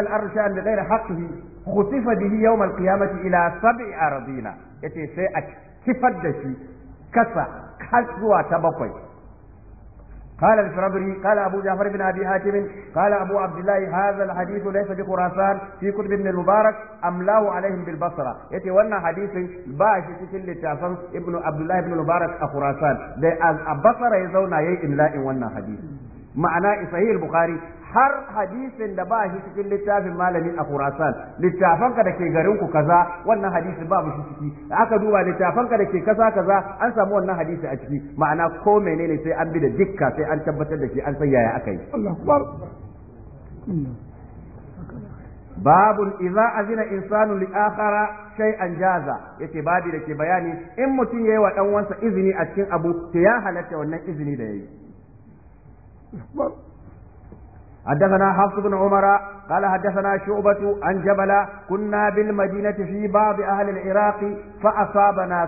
الأرشاء لغير حقه خطف به يوم القيامة إلى سبع أراضين يتي سي أكتفت دشي كسا كسوة تبقي قال الفرابري قال أبو جعفر بن أبي حاتم قال أبو عبد الله هذا الحديث ليس بخراسان في كتب ابن المبارك أملاه عليهم بالبصرة يتي ونا حديث باش تسل تافن ابن عبد الله بن المبارك أخراسان لأن البصرة يزونا يي إملاء ونا حديث معناه صحيح البخاري har hadisin da ba shi cikin littafin malami a Khurasan littafanka da ke garin ku kaza wannan hadisi babu shi ciki aka duba littafanka da ke kasa kaza an samu wannan hadisi a ciki ma'ana ko menene sai an bi da dukka sai an tabbatar da shi an san yaya aka yi babun idza azina insanu li akhara shay'an jaza yace babi da ke bayani in mutum yayi wa dan wansa izini a cikin abu to ya halatta wannan izini da yayi حدثنا حفص بن عمر قال حدثنا شعبة عن جبل كنا بالمدينة في بعض أهل العراق فأصابنا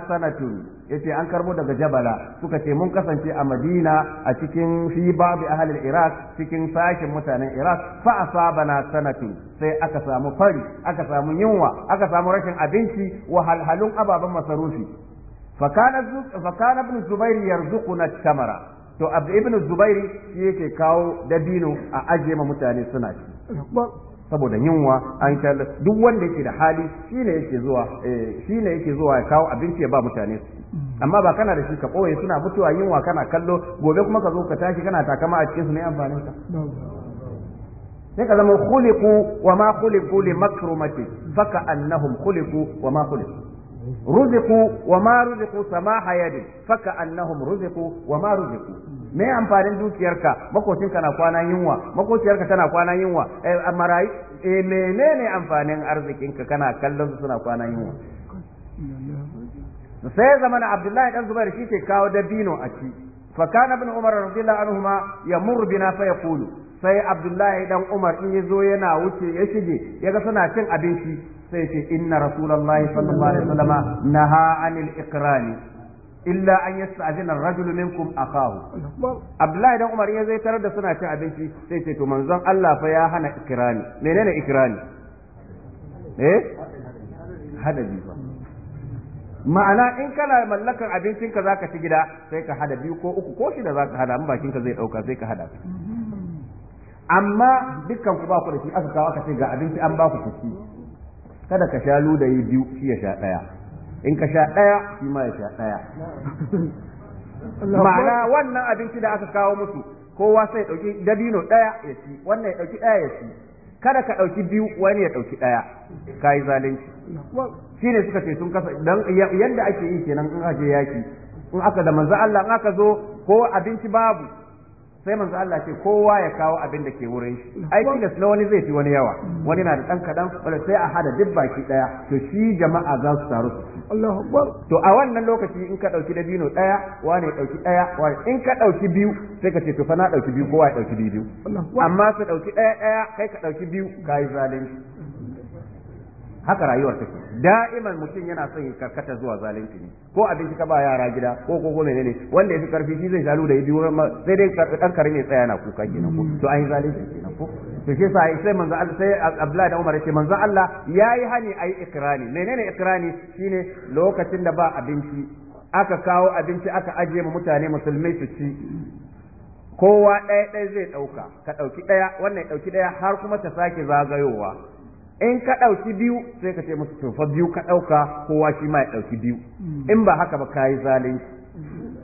Ya ce an karbo daga jabala suka ce mun kasance a madina a cikin fi babu ahalil iraq cikin sashen mutanen iraq fa asabana sanatu sai aka samu fari aka samu yunwa aka samu rashin abinci wahalhalun ababen masarufi fa kana ibn zubair yarzuquna tamara to abdu ibn zubairi shi yake kawo dabino a ajiye ma mutane suna ci saboda yunwa an kyalla duk wanda yake da hali shi ne zuwa eh, yake zuwa ya kawo abinci ya ba mutane mm. amma ba kana da shi ka koye suna mutuwa yunwa kana kallo gobe kuma ka zo ka tashi kana takama a cikin su ne amfanin ka sai ka zama khuliqu wa ma khuliqu li makrumati faka annahum khuliqu wa ma khuliqu ruziku wa ma ruziku samaha yadin faka annahum ruziku wa ma ruziku me amfanin dukiyarka ka na kwana yunwa makociyarka tana kwana yunwa eh marayi eh menene amfanin arzikinka kana kallon su suna kwana yunwa sai zamanin abdullahi dan zubair shi ke kawo dabino a ci fa kana ibn umar radiyallahu anhuma yamur bina fa yaqulu sai abdullahi dan umar in yazo yana wuce ya shige yaga suna cin abinci sai ce inna rasulullahi sallallahu alaihi wasallam naha anil ikrani illa an yasta'zina ar-rajul minkum akahu Abdullahi dan Umar ya zai tarar da suna cin abinci sai ce to manzon Allah fa ya hana ikrani menene ikrani eh hadabi ba ma'ana in kana mallakar abincinka zaka ci gida sai ka hada biyu ko uku ko shida zaka hada in bakinka zai dauka sai ka hada amma dukkan ku ba ku da shi aka kawo aka ce ga abinci an ba ku ci. kada ka sha yi biyu shi ya sha ɗaya in ka sha ɗaya shi ma ya sha ɗaya ma'ana wannan abinci da aka kawo musu kowa sai ɗauki dabino ɗaya ya ci wannan ya ɗauki ɗaya ya ci kada ka ɗauki biyu wani ya ɗauki ɗaya ka yi zalunci shi ne suka ce sun kasa dan yadda ake yi kenan in aka yaki in aka da manzo Allah in aka zo ko abinci babu sai manzo Allah ce kowa ya kawo abin da ke wurin shi ai tilas na wani zai fi wani yawa wani na da dan kadan wala sai a hada duk baki daya to shi jama'a za su taru Allahu akbar to a wannan lokaci in ka dauki da bino daya wani dauki daya wani in ka dauki biyu sai ka ce to fa na dauki biyu kowa ya dauki biyu amma su dauki daya daya kai ka dauki biyu kai zalunci haka rayuwar take da'iman mutum yana son karkata zuwa zalunci ne ko abinci ka ba yara gida ko ko ko ne wanda yafi karfi shi zai shalu da yi biyu sai dai dan kare ne tsaya na kuka kenan ko to ai zalunci kenan ko to shi sai sai manzo Allah sai Abdullahi da Umar yace manzo Allah yayi hani ai ikrani menene ikrani shine lokacin da ba abinci aka kawo abinci aka ajiye mutane musulmai su ci kowa ɗaya ɗaya zai ɗauka ka ɗauki ɗaya wannan ɗauki ɗaya har kuma ta sake zagayowa in ka ɗauki biyu sai ka ce musu to biyu ka ɗauka kowa shi ma ya ɗauki biyu in ba haka ba yi zalunci hmm?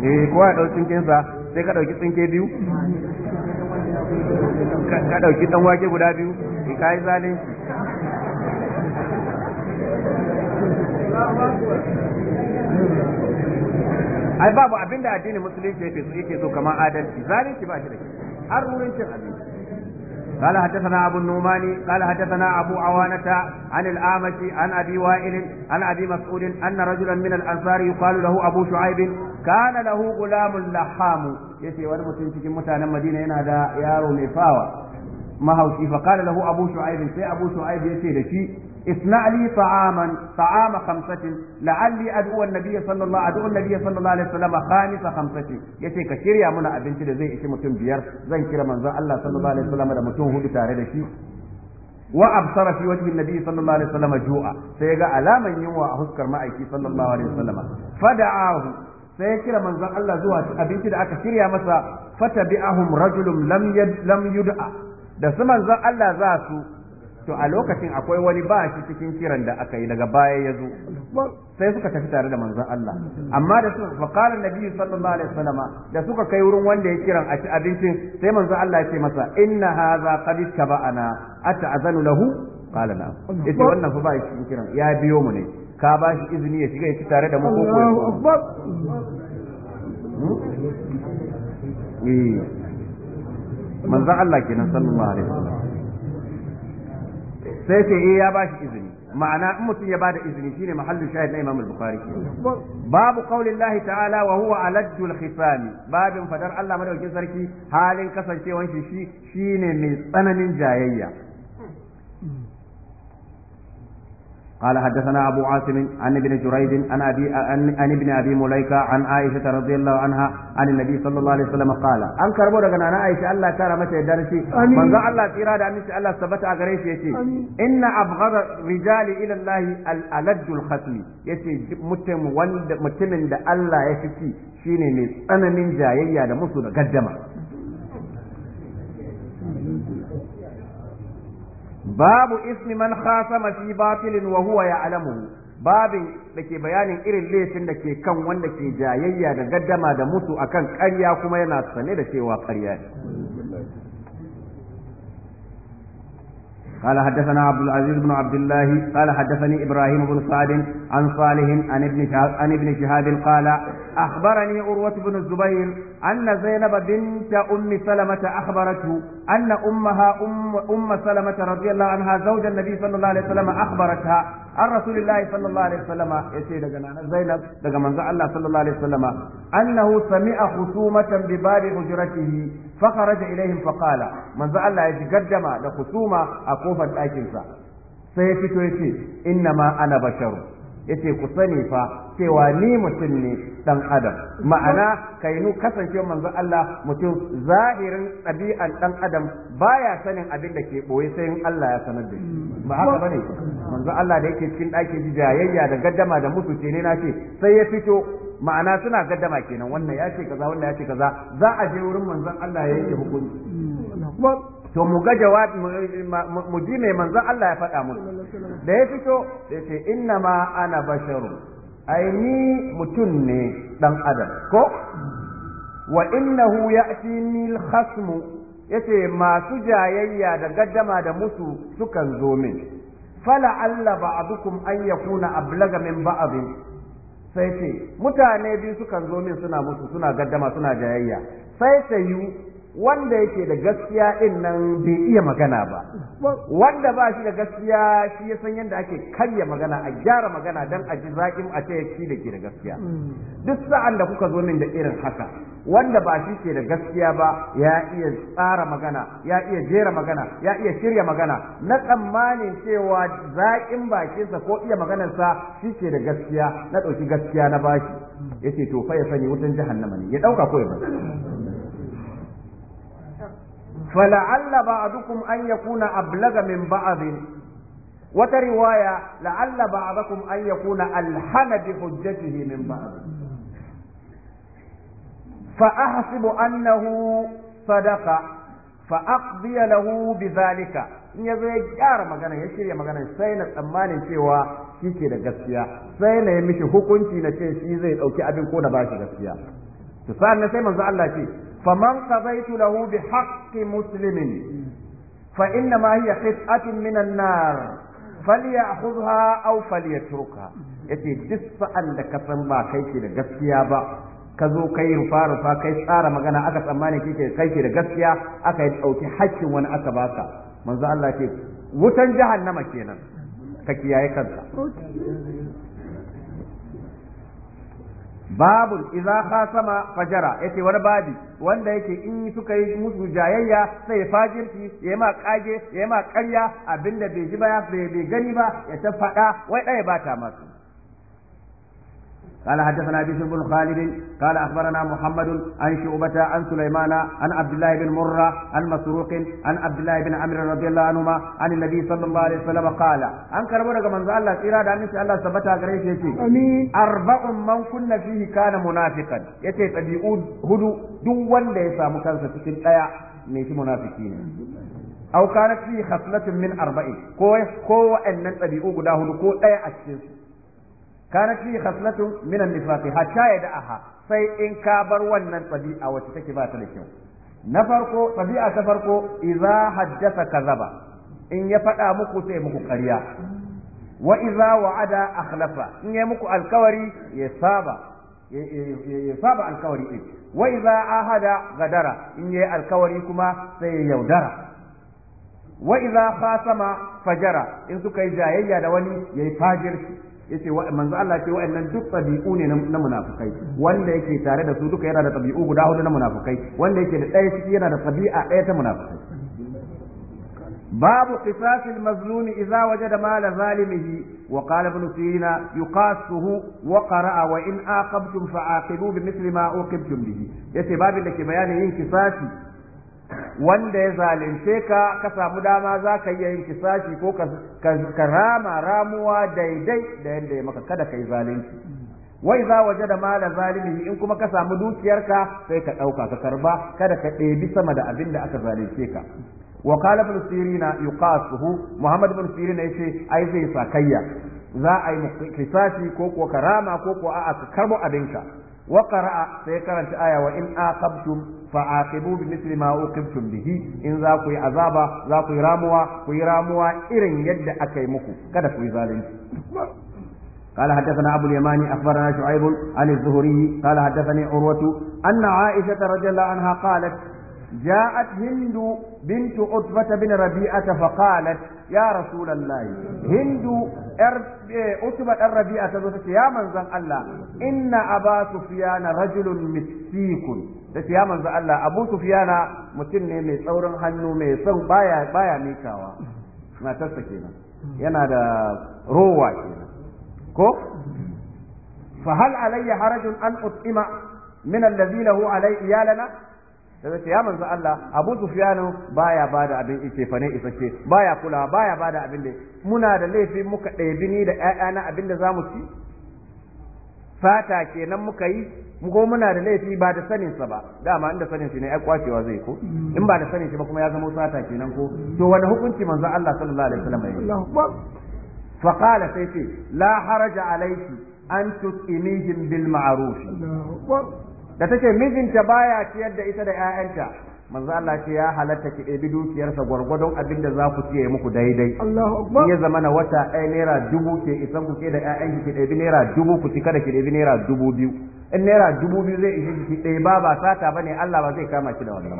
eh kowa ya ɗauki cinkinsa, sai ka ɗauki tsinke biyu ka ɗauki ɗan wake guda biyu in eh, ka yi zalunci ai babu abin da addinin musulunci yake so yake so kamar adalci zalunci ba shi da shi har wurin cin abinci قال حدثنا أبو النعمان قال حدثنا أبو عوانة عن الأعمش عن أبي وائل عن أبي مسعود أن رجلا من الأنصار يقال له أبو شعيب كان له غلام لحام يتي ورمتين تجي متانا مدينة هذا يارو مفاوة ما هو فقال له أبو شعيب سي أبو شعيب يتي لشي اصنع لي طعاما طعام خمسة لعلي أدعو النبي صلى الله أدعو النبي صلى الله عليه وسلم خامس خمسة يتي منا أبنتي da zai ishi mutum biyar zan kira manzon Allah sallallahu da mutum hudu tare da shi wa absara fi wajhi nabi sallallahu sai ga alaman yunwa a huskar ma'aiki sallallahu alaihi wasallam sai ya kira manzon Allah zuwa abinci da aka shirya masa fatabi'ahum rajulun lam lam yud'a da su manzon Allah za su to a lokacin akwai wani ba shi cikin kiran da aka yi daga baya ya zo sai suka tafi tare da manzon Allah amma da suka qala nabi sallallahu alaihi wasallama da suka kai wurin wanda ya kiran a ci abincin sai manzon Allah ya ce masa inna hadha qad taba'ana ata'zanu lahu qala na yace wannan fa ba shi cikin kiran ya biyo mu ne ka ba shi izini ya shiga ya ci tare da mu ko ko hmm? eh. manzon Allah kenan sallallahu alaihi wasallam sai ce eh ya bashi izini ma'ana in mutum ya ba da izini shine mahallu shahid na Imam bukhari babu qaulillahi ta'ala wa huwa aladdu khisam babin fadar Allah madaukin sarki halin kasancewan shi shine mai tsananin jayayya قال حدثنا أبو عاصم عن ابن جريج عن أبي عن ابن أبي مليكة عن عائشة رضي الله عنها عن النبي صلى الله عليه وسلم قال أن كربو دغنا أنا عائشة الله كان متى درسي من الله إرادة أن الله ثبت أغريش يتي إن أبغض الرجال إلى الله الألد الخصم يتي متم وند متم دا الله يتي شيني من أنا من جاية دا مسو دا قدمه babu ismi man khasama fi batilin wa huwa babin da ke bayanin irin laifin da ke kan wanda ke jayayya da gaddama da mutu akan ƙarya kuma yana sane da cewa ƙarya ne قال حدثنا عبد العزيز بن عبد الله قال حدثني ابراهيم بن سعد عن صالح عن ابن شهاب عن ابن شهاب قال اخبرني عروه بن الزبير ان زينب بنت ام سلمه اخبرته ان امها ام ام سلمه رضي الله عنها زوج النبي صلى الله عليه وسلم اخبرتها an rasulullahi sallallahu alaihi wasallama ce daga nana zainab daga manzo Allah sallallahu alaihi wasallama annahu sami'a khusumatan bi babi hujratihi fa kharaja ilaihim fa qala manzo Allah ya gaddama da khusuma a kofar ɗakin sa sai ya fito yace inna ma ana basharu yace ku sani fa cewa ni mutum ne dan adam ma'ana kainu kasance manzo Allah mutum zahirin ɗabi'an dan adam baya sanin abin da ke boye sai Allah ya sanar da shi ba haka bane manzo Allah da yake cikin ɗakin jayayya da gaddama da mutu ce ne nace sai ya fito ma'ana suna gaddama kenan wannan ya ce kaza wannan ya ce kaza za a je wurin manzon Allah ya yanke hukunci to mu ga jawab mu ji mai manzon Allah ya faɗa mu da ya fito da ce inna ma ana basharu ai ni mutum ne dan adam ko wa innahu ya'tini al-khasmu yace masu jayayya da gaddama da musu sukan zo min fala alla ba'dukum an yakuna ablaga min ba'd sai ce mutane biyu sukan zo min suna musu suna gaddama suna jayayya sai sai wanda yake da gaskiya in nan bai iya magana ba wanda ba shi da gaskiya shi ya san yadda ake karya magana a gyara magana don a ji zaƙin a ce shi da ke da gaskiya duk sa'an da kuka zo min da irin haka wanda ba shi ke da gaskiya ba ya iya tsara magana ya iya jera magana ya iya shirya magana na tsammanin cewa zaƙin bakinsa ko iya maganarsa shi ke da gaskiya na ɗauki gaskiya na bashi yace to fa ya sani wutan jahannama ne ya ɗauka ko ya bata? a ba'dukum an yakuna ablaga min ba'dhin wata riwaya la'alla ba'dakum an yakuna alhana bi hujjatihi min ba'd fa ahsibu annahu sadaqa fa aqdiya lahu bidhalika in yazo ya gyara magana ya shirya magana sai na tsammanin cewa shi ke da gaskiya sai na yi mishi hukunci na ce shi zai dauki abin ko na bashi gaskiya to sa'an sai manzo Allah ce فمن قضيت له بحق مسلم فإنما هي قطعة من النار فليأخذها أو فليتركها yace duk sa'an da ka san ba kai ke da gaskiya ba ka zo kai rufa rufa kai tsara magana aka tsammani kike kai ke da gaskiya aka yi ɗauki hakkin wani aka baka manzo Allah ce wutan jahannama kenan ka kiyaye kanka babu idza khasama fajara yace wani babi wanda yake in suka yi musu jayayya sai fajirci yayi ma kage yayi ma ƙarya abinda bai ji ba bai gani ba ya ta faɗa wai ɗaya bata masu قال حدثنا بشر بن خالد قال اخبرنا محمد عن شعبة عن سليمان عن عبد الله بن مرة عن مسروق عن عبد الله بن عمرو رضي الله عنهما عن النبي صلى الله عليه وسلم قال ان كربوا daga manzo Allah tsira da annabi Allah sabata gare shi yace arba'un man kunna fihi kana munafiqan yace tabi'u hudu duk wanda ya samu kansa cikin ɗaya ne shi munafiki ne aw kanat fi khaslatun min arba'in ko ko wa'annan guda hudu ko ɗaya a cikin kanat fi khaslatun min an ya hatta yad'aha sai in ka bar wannan tabi'a wacce take ba ta da kyau na farko tabi'a ta farko idza haddatha kazaba in ya faɗa muku sai muku ƙarya wa idza wa'ada in ya muku alkawari ya saba ya saba alkawari din wa idza ahada gadara in ya alkawari kuma sai ya yaudara wa idza khasama fajara in suka yi jayayya da wani ya yi fajirci yace manzo Allah ce wa'annan duk tabi'u ne na munafikai wanda yake tare da su duka yana da tabi'u guda hudu na munafikai wanda yake da ɗaya ciki yana da tabi'a ɗaya ta munafikai باب قصاص المظلوم إذا وجد مال ظالمه وقال ابن سينا يقاسه وقرأ وإن آقبتم فعاقبوا بمثل ما أوقبتم به يتي باب لك بيان إن قصاصي wanda ya zalunce ka ka samu dama za ka iya yin kisashi ko ka rama ramuwa daidai da yadda ya maka kada ka yi zalunci wai za waje da da zalimi in kuma ka samu dukiyarka sai ka ɗauka ka karba kada ka ɗebi sama da abin da aka zalunce ka na ابن suhu يقاسه محمد بن ya ce ai zai sakayya za a yi kisashi ko ko karama ko ko a'a ka karbo abinka wa qara'a sai karanta aya wa in aqabtum fa'aqibu bimithli ma uqibtum bihi in za ku yi azaba za ku yi ramuwa ku yi ramuwa irin yadda aka muku kada ku yi zalunci قال حدثنا أبو اليماني أخبرنا شعيب عن الزهري قال حدثني عروة أن عائشة رضي الله عنها قالت جاءت هند بنت عتبة بن ربيعة فقالت يا رسول الله هند عتبة الربيعة يا من زن الله إن أبا سفيان رجل مسيك تتي يا من زن الله أبو سفيان متن من ثور حنو من ثور بايا بايا ميكاوا ما تستكينا ينا دا روى كينا كو فهل علي حرج أن أطئم من الذين هو علي إيالنا da zai ce ya manzo Allah Abu Sufyanu baya bada abin ice fa ne isace baya kula baya bada abin da muna da laifi muka ɗebi ni da na abin da zamu ci fata kenan muka yi ko muna da laifi ba da sanin sa ba dama inda sanin shi ne ai kwacewa zai ko in ba da sanin shi ba kuma ya zama fata kenan ko to wani hukunci manzo Allah sallallahu alaihi wasallam ya fa qala sai ce la haraja alayki an tut'imihim bil ma'ruf da take mijinta baya ciyar da ita da 'ya'yanta manzo Allah ce ya halatta ki ɗebi dukiyarsa gwargwadon abin da za ku ciye muku daidai in ya zama na wata ɗaya naira dubu ke isan ku ke da ƴaƴan ki ɗebi naira dubu ku ci kada ki ɗebi naira dubu biyu in naira dubu biyu zai ishe ki ɗaya ba ba sata bane Allah ba zai kama ki da wannan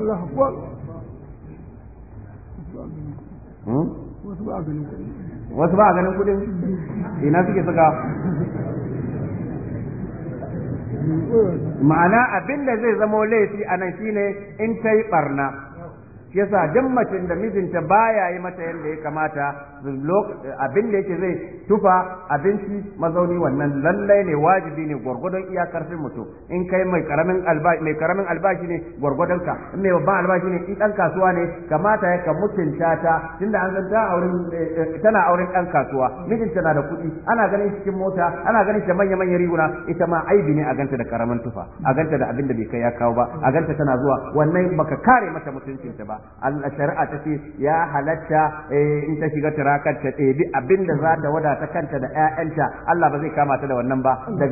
hmm? wasu ba a ganin kuɗin ina suke saka ma'ana abin da zai zamo laifi a nan shine in ta yi barna shi yasa duk macin da mijinta baya yi mata yadda ya kamata abin da yake zai tufa abinci mazauni wannan lallai ne wajibi ne gwargwadon iya karfin mutum in kai mai karamin albashi mai karamin albashi ne gwargwadon ka in mai babban albashi ne in dan kasuwa ne kamata ya ka mutunta ta tunda an san ta auren eh, tana auren dan kasuwa mijinta na da kuɗi ana ganin cikin mota ana ganin ta manya manya riguna ita ma aibi ne a ganta da karamin tufa a ganta da abin da bai kai ya kawo ba a ganta tana zuwa wannan baka kare mata mutuncinta ba Allah shari'a ta ce ya halatta eh, in ta shiga turakar ta ɗebi abinda za ta wadata kanta da ƴaƴanta Allah ba zai kama ta da wannan ba da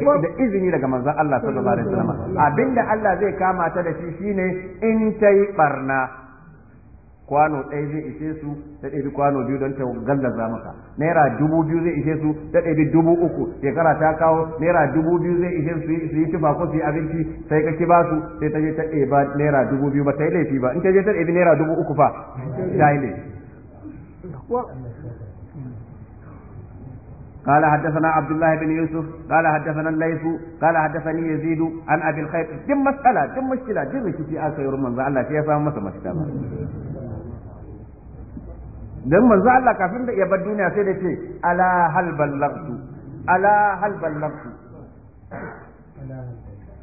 izini daga manzan Allah sallallahu alaihi wasallam abinda Allah zai kama ta da shi shine in ta yi barna kwano ɗaya zai ishe su ta ɗaya kwano biyu don ta gallaza maka naira dubu biyu zai ishe su ta ɗaya dubu uku shekara ta kawo naira dubu biyu zai ishe su su yi tufa ko su yi abinci sai ka ba su sai ta je ta ɗeba naira dubu biyu ba ta yi laifi ba in ta je ta ɗabi naira dubu uku fa ta yi laifi. قال حدثنا عبد الله بن يوسف قال حدثنا الليث قال حدثني يزيد عن ابي الخير دم مساله دم مشكله دم في اخر من الله كيف فهم مساله dan manzo Allah kafin da bar duniya sai da ce ala hal ballagtu ala hal ballagtu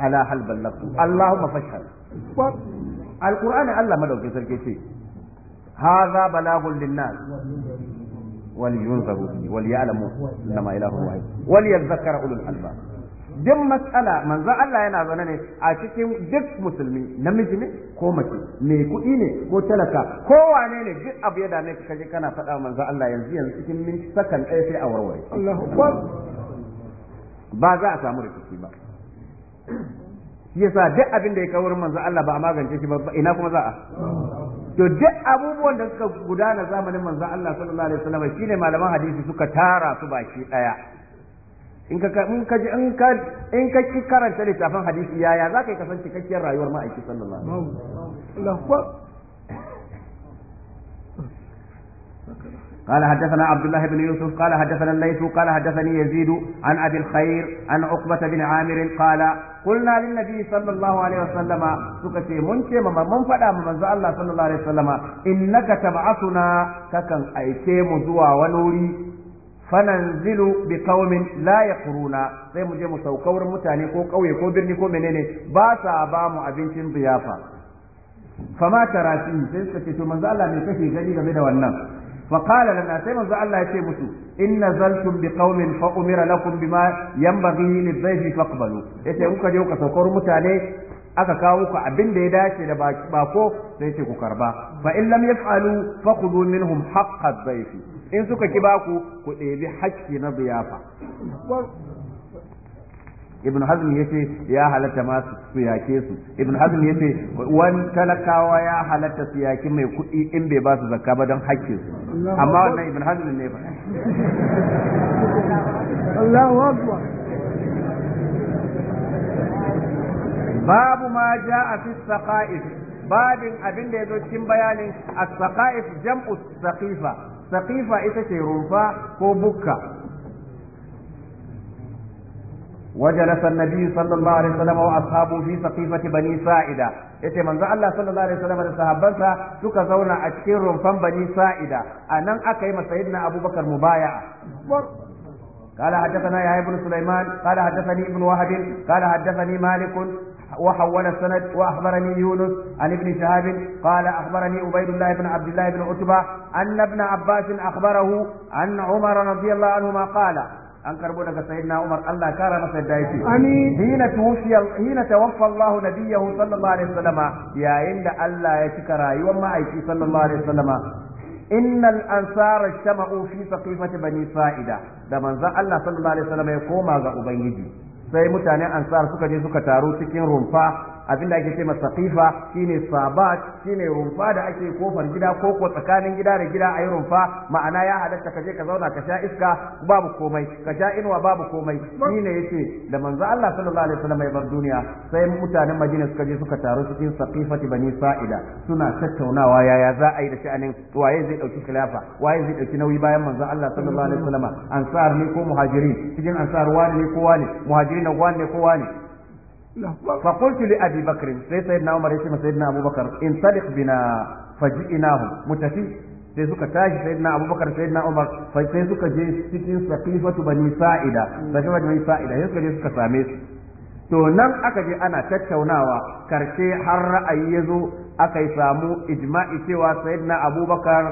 ala hal ballagtu Allahumma fashhad alqur'ani Allah madaukin sarki ce hadha balagun linnas ولينذروا وليعلموا انما الهكم واحد وليذكر ulul الالباب duk matsala manzon Allah yana zaune ne a cikin duk musulmi namiji ne ko mace mai kuɗi ne ko talaka ko wane ne duk abu ya dame ka kaje kana faɗa manzon Allah yanzu yanzu cikin minti sakan ɗaya sai a warware Allahu ba za a samu rikici ba yasa duk abin da ya kawo manzon Allah ba a magance shi ba ina kuma za a to duk abubuwan da suka gudana zamanin manzon Allah sallallahu alaihi wasallam shine malaman hadisi suka tara su baki daya in ka in ka in ka in ka ki karanta littafin hadisi yaya za ka yi kasance cikakkiyar rayuwar ma'aiki sallallahu alaihi wasallam قال حدثنا عبد الله بن يوسف قال حدثنا الليث قال حدثني يزيد عن ابي الخير عن عقبه بن عامر قال قلنا للنبي صلى الله عليه وسلم سكتي منك مما من فدا من الله صلى الله عليه وسلم انك تبعثنا ككن ايتي مزوا ونوري fananzilu bi qaumin la yaquruna sai mu je mu sauka wurin mutane ko kauye ko birni ko menene ba sa ba mu abincin ziyafa fama tara sai suka ce to manzo Allah me kake gani game da wannan fa qala lana sai manzo Allah ya ce musu in nazaltum bi qaumin fa umira lakum bima yanbaghi lidhayfi faqbalu yace kuka je kuka sauka wurin mutane aka kawo ku abin da ya dace da bako sai ce ku karba fa in lam yaf'alu fakhudhu minhum haqqa dhayfi in suka ki baku ku ɗebi hakki na ziyafa ibn hazm yace ya halatta ma su yake su ibn hazm yace wani talakawa ya halatta su yake mai kuɗi in bai ba su zakka ba don hakkin su amma wannan ibn hazm ne ba Allahu akbar babu ma ja'a fi saqa'is babin abin da ya zo cikin bayanin as-saqaif jam'u saqifa saqifa ita ce rumfa ko bukka وجلس النبي صلى الله عليه وسلم واصحابه في سقيفه بني ساعده yace manzo Allah sallallahu alaihi wasallam da sahabbansa suka zauna a cikin rumfan bani sa'ida anan aka yi masayidna abubakar mubaya قال حدثنا يحيى بن سليمان قال حدثني ابن وهب قال حدثني مالك وحول السند واخبرني يونس عن ابن شهاب قال اخبرني عبيد الله بن عبد الله بن عتبه ان ابن عباس اخبره عن عمر رضي الله عنهما قال an karbo daga sayyidina Umar Allah kara masa yadda yake hina tuwfiya hina tawaffa Allah nabiyahu sallallahu alaihi wasallam yayin da Allah ya cika rayuwar ma'aiki sallallahu alaihi wasallam innal ansara shama'u fi saqifati bani sa'ida da manzon Allah sallallahu alaihi wasallam ya koma ga ubangiji sai mutanen ansar suka je suka taru cikin rumfa abin da ake ce ma shine sabat shine rumfa da ake kofar gida ko ko tsakanin gida da gida ayi rumfa ma'ana ya halatta ka je ka zauna ka sha iska babu komai ka sha inuwa babu komai shine yace da manzo Allah sallallahu alaihi wasallam ya bar duniya sai mutanen Madina suka je suka taru cikin ba bani sa'ida suna tattaunawa yaya za a yi da sha'anin waye zai dauki khilafa waye zai dauki nauyi bayan manzo Allah sallallahu alaihi wasallam ansar ne ko muhajirin cikin ansar wani ne ko wani muhajirin wani ne ko wani فقلت لأبي بكر سيدنا عمر يسمى سيدنا أبو بكر انطلق بنا فجئناهم متفي sai suka tashi sai na abubakar sai na umar sai suka je cikin safifatu bani sa'ida je bani sa'ida sai suka je suka same su to nan aka je ana tattaunawa karshe har ra'ayi ya zo aka yi samu ijma'i cewa sayyidina abubakar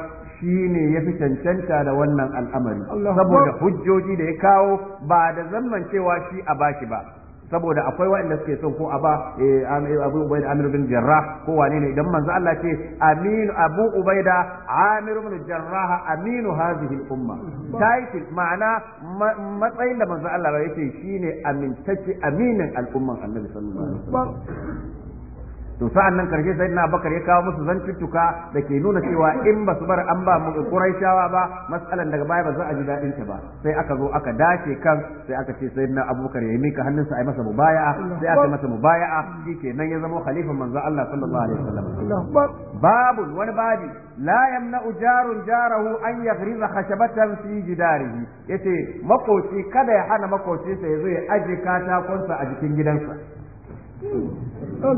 shine ya fi cancanta da wannan al'amari saboda hujjoji da ya kawo ba da zamman cewa shi a bashi ba saboda akwai waɗanda suke son ko aba eh, eh, abu ubaida amir bin Jarra, ko wane ne idan manzo Allah ce Aminu abu ubaida amir bin Jarra aminu hadhihi umma title ma'ana matsayin da manzo Allah ya ce shine amintacce aminin al'umman annabi sallallahu alaihi wasallam to sa'an nan karshe sai na bakar ya kawo musu zantuttuka da ke nuna cewa in ba su bar an ba mu shawa ba matsalan daga baya ba za a ji daɗin ta ba sai aka zo aka dace kan sai aka ce sai na abubakar ya mika hannunsa a masa mubaya'a sai aka masa mubaya'a shi nan ya zama khalifan manzo Allah sallallahu alaihi wasallam babu wani babi la yamna ujarun jarahu an yaghriza khashabatan fi jidarihi yace makoci kada ya hana makocinsa sai ya zo ya aje katakonsa a jikin gidansa eh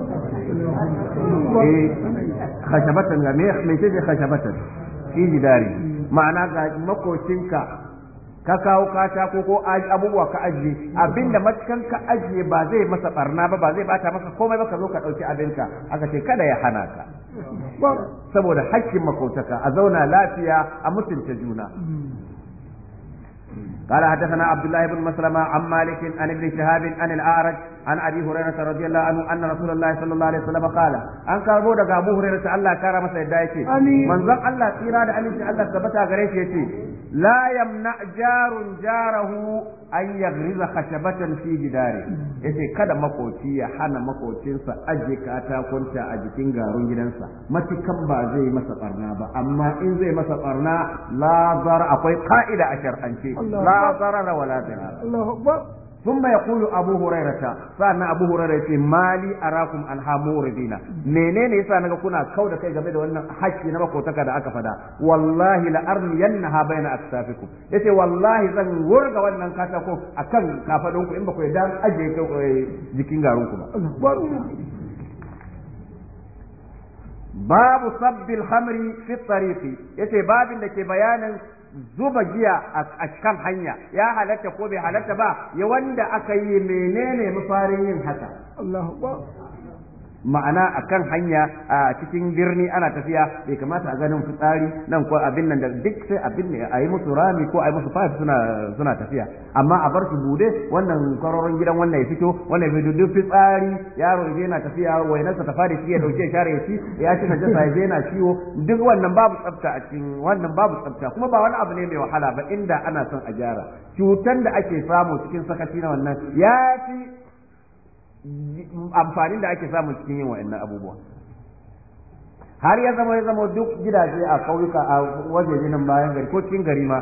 khashabatan ga me me ce khashabatan shi jidari ma'ana ga makocinka ka kawo katako ko abubuwa ka ajiye abinda matakan ka ajiye ba zai masa barna ba ba zai bata masa komai ba ka zo ka ɗauki abinka aka ce kada ya hana ka saboda hakkin makotaka a zauna lafiya a mutunta juna قال حدثنا عبد الله بن مسلمة عن مالك عن ابن شهاب عن الأعرج an abi hurairah radiyallahu anhu anna rasulullahi sallallahu alaihi wasallam qala an karbo daga abu hurairah Allah kara masa yadda yake manzon Allah tsira da aminci Allah tabbata gare shi yace la yamna jarun jarahu an yaghriza khashabatan fi jidari yace kada makoci ya hana makocinsa aje katakunta a jikin garin gidansa matukan ba zai masa barna ba amma in zai masa barna la akwai ka'ida a shar'ance la zarara wala dirar Allahu ثم يقول أبو هريرة فأنا أبو هريرة مالي أراكم أنها dina menene yasa naga kuna kau da kai game da wannan hakki na makotaka da aka fada wallahi la armiyannaha baina aksafikum yace wallahi zan wurga wannan katako akan kafadon ku in ba ku dan aje eh, jikin garin ku ba babu sabbil hamri fi tariqi yace babin da ke bayanin zuba giya a kan hanya ya halatta ko bai halatta ba ya wanda aka yi menene mafarin yin haka ma'ana akan hanya a cikin birni ana tafiya bai kamata a ganin fitsari nan ko abin nan da duk sai abin ne a yi musu rami ko a musu fafi suna suna tafiya amma a bar su bude wannan kwaroron gidan wannan ya fito wannan ya duk fitsari yaro ya na tafiya wainarsa ta fara ya dauke share ya ci ya ci najasa ya na ciwo duk wannan babu tsafta a cikin wannan babu tsafta kuma ba wani abu ne mai wahala ba inda ana son a gyara cutan da ake samu cikin sakaci na wannan ya fi amfanin da ake samu cikin yin wa'annan abubuwa har ya zama ya zama duk gidaje a kauyuka a waje ginin bayan gari ko cikin gari ma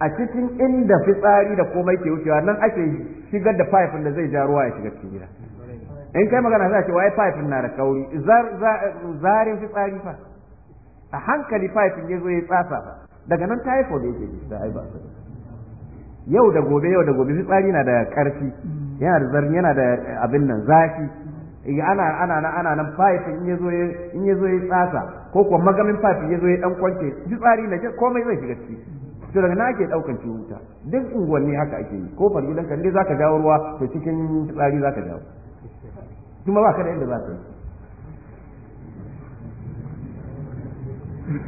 a cikin inda fitsari da komai ke wucewa nan ake shigar da fayifin da zai ja ruwa ya shiga cikin gida in kai magana za a ce wai fayifin na da kauri zarin fitsari fa a hankali fayifin ya zo ya tsasa fa daga nan typhoid yake da ai ba yau da gobe yau da gobe fitsari na da karfi yana da zarni yana da abin nan zafi eh, ana ana nan ana nan pipe in yazo in yazo ya tsasa ko kuwa magamin pipe yazo ya dan kwance ji tsari na komai zai shiga ciki to daga na ake daukan wuta duk unguwanni haka ake yi ko fargidan kan dai zaka dawo ruwa to cikin tsari zaka dawo kuma ba ka da yadda zaka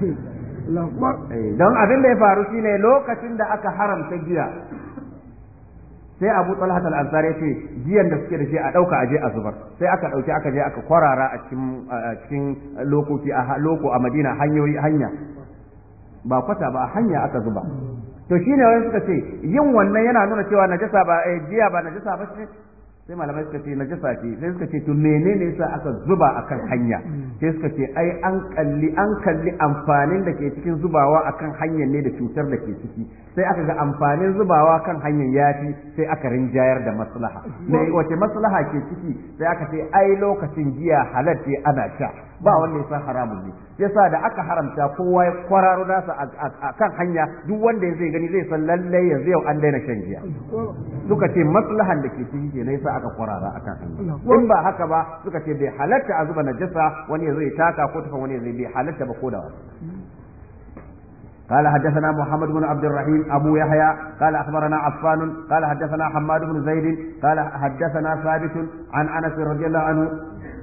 yi eh, don abin da ya faru shine lokacin da aka haramta giya sai abu talha al-ansari ce giyan da suke da shi a dauka aje a zubar sai aka dauki aka je aka kwarara a cikin cikin lokoki a loko a madina hanyoyi hanya ba kwata ba hanya aka zuba to shine wani suka ce yin wannan yana nuna cewa najasa ba jiya eh, ba najasa ba sai malamai suka ce najasa ce sai suka ce to menene yasa aka zuba akan hanya mm. sai suka ce ai an kalli an kalli amfanin da ke cikin zubawa akan hanyar ne da cutar da ke ciki sai aka ga amfanin zubawa kan hanyar yafi sai aka rinjayar da maslaha me wace maslaha ke ciki sai aka ce ai lokacin giya halal ce ana sha ba wanda ya san haramun ne yasa da aka haramta kowa ya kwararo nasa a kan hanya duk wanda zai gani zai san lalle yanzu yau an daina shan giya suka ce maslahan da ke ciki ke ne yasa aka kwarara a kan hanya in ba haka ba suka ce bai halatta a zuba najasa wani ya zai taka ko tafa wani ya zai bai halatta ba ko da wani قال حدثنا محمد بن عبد الرحيم أبو يحيى قال أخبرنا عفان قال حدثنا حماد بن زيد قال حدثنا ثابت عن أنس رضي الله عنه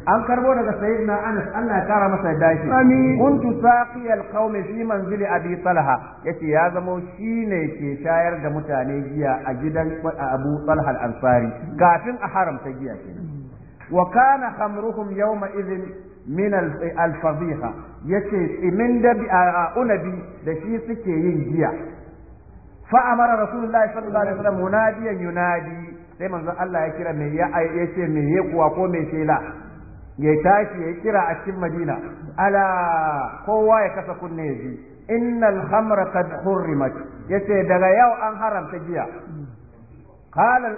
an karbo daga sayyidina Anas Allah ya kara masa yadda Amin. kuntu saqiyal qaumi fi manzili abi talha yace ya zamo shine ke shayar da mutane giya a gidan Abu Talha al-Ansari kafin a haramta giya kenan wa kana khamruhum yawma idhin min al-fadhiha yace tsimin da unabi da shi suke yin giya fa amara rasulullahi sallallahu alaihi wasallam munadiyan yunadi sai manzo Allah ya kira me ya ce me ya kuwa ko me shela ya tashi ya kira a cikin madina ala kowa ya kasa kunne ya ji innal khamra kad hurrimat yace daga yau an haramta giya kala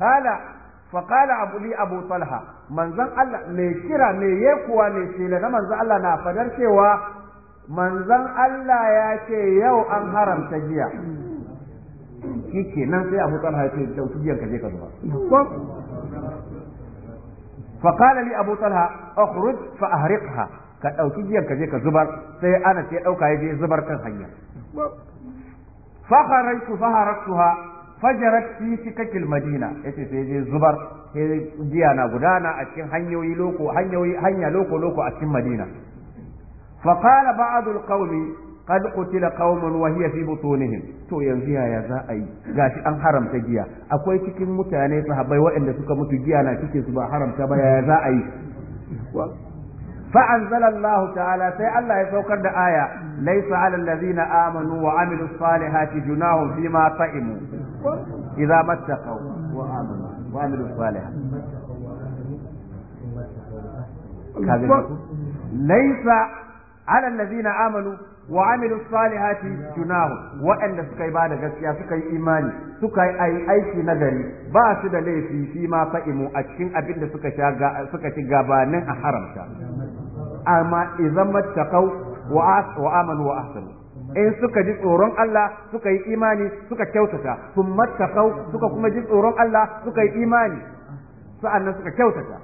kala fa kala abu li abu talha manzan Allah mai kira mai yekuwa ne ce na manzan Allah na fadar cewa manzon Allah ya ce yau an haramta giya kike nan sai abu talha ya ce dauki giyan ka je فقال لي أبو طلحة أخرج فأهرقها ka ɗauki giyan ka je ka zubar sai ana ya ɗauka ya je zubar kan hanya fakharaitu faharaktuha fajarat fi sikakil madina ce sai je zubar sai giya na gudana a cikin hanyoyi loko hanyoyi hanya loko loko a cikin madina fakala بعض qad qutila qaumun wa hiya fi butunihim to yanzu yaya za a yi gashi an haramta giya akwai cikin mutane sahabbai waɗanda suka mutu giya na cikin su ba haramta ba za a yi فأنزل الله تعالى سي الله يسوكر آية ليس على الذين آمنوا وعملوا الصالحات جناهم فيما طئموا إذا ما اتقوا وآمنوا وعملوا الصالحات ليس ala allazina amanu wa amilu salihati junahu waɗanda suka yi bada gaskiya suka yi imani suka yi aiki nagari ba su da laifi shi ma fa'imu a cikin abin da suka suka ci gabanin a haramta amma idan mattaqau wa amanu wa ahsanu in suka ji tsoron Allah suka yi imani suka kyautata sun mattaqau kuma ji tsoron Allah suka yi imani sa'annan suka kyautata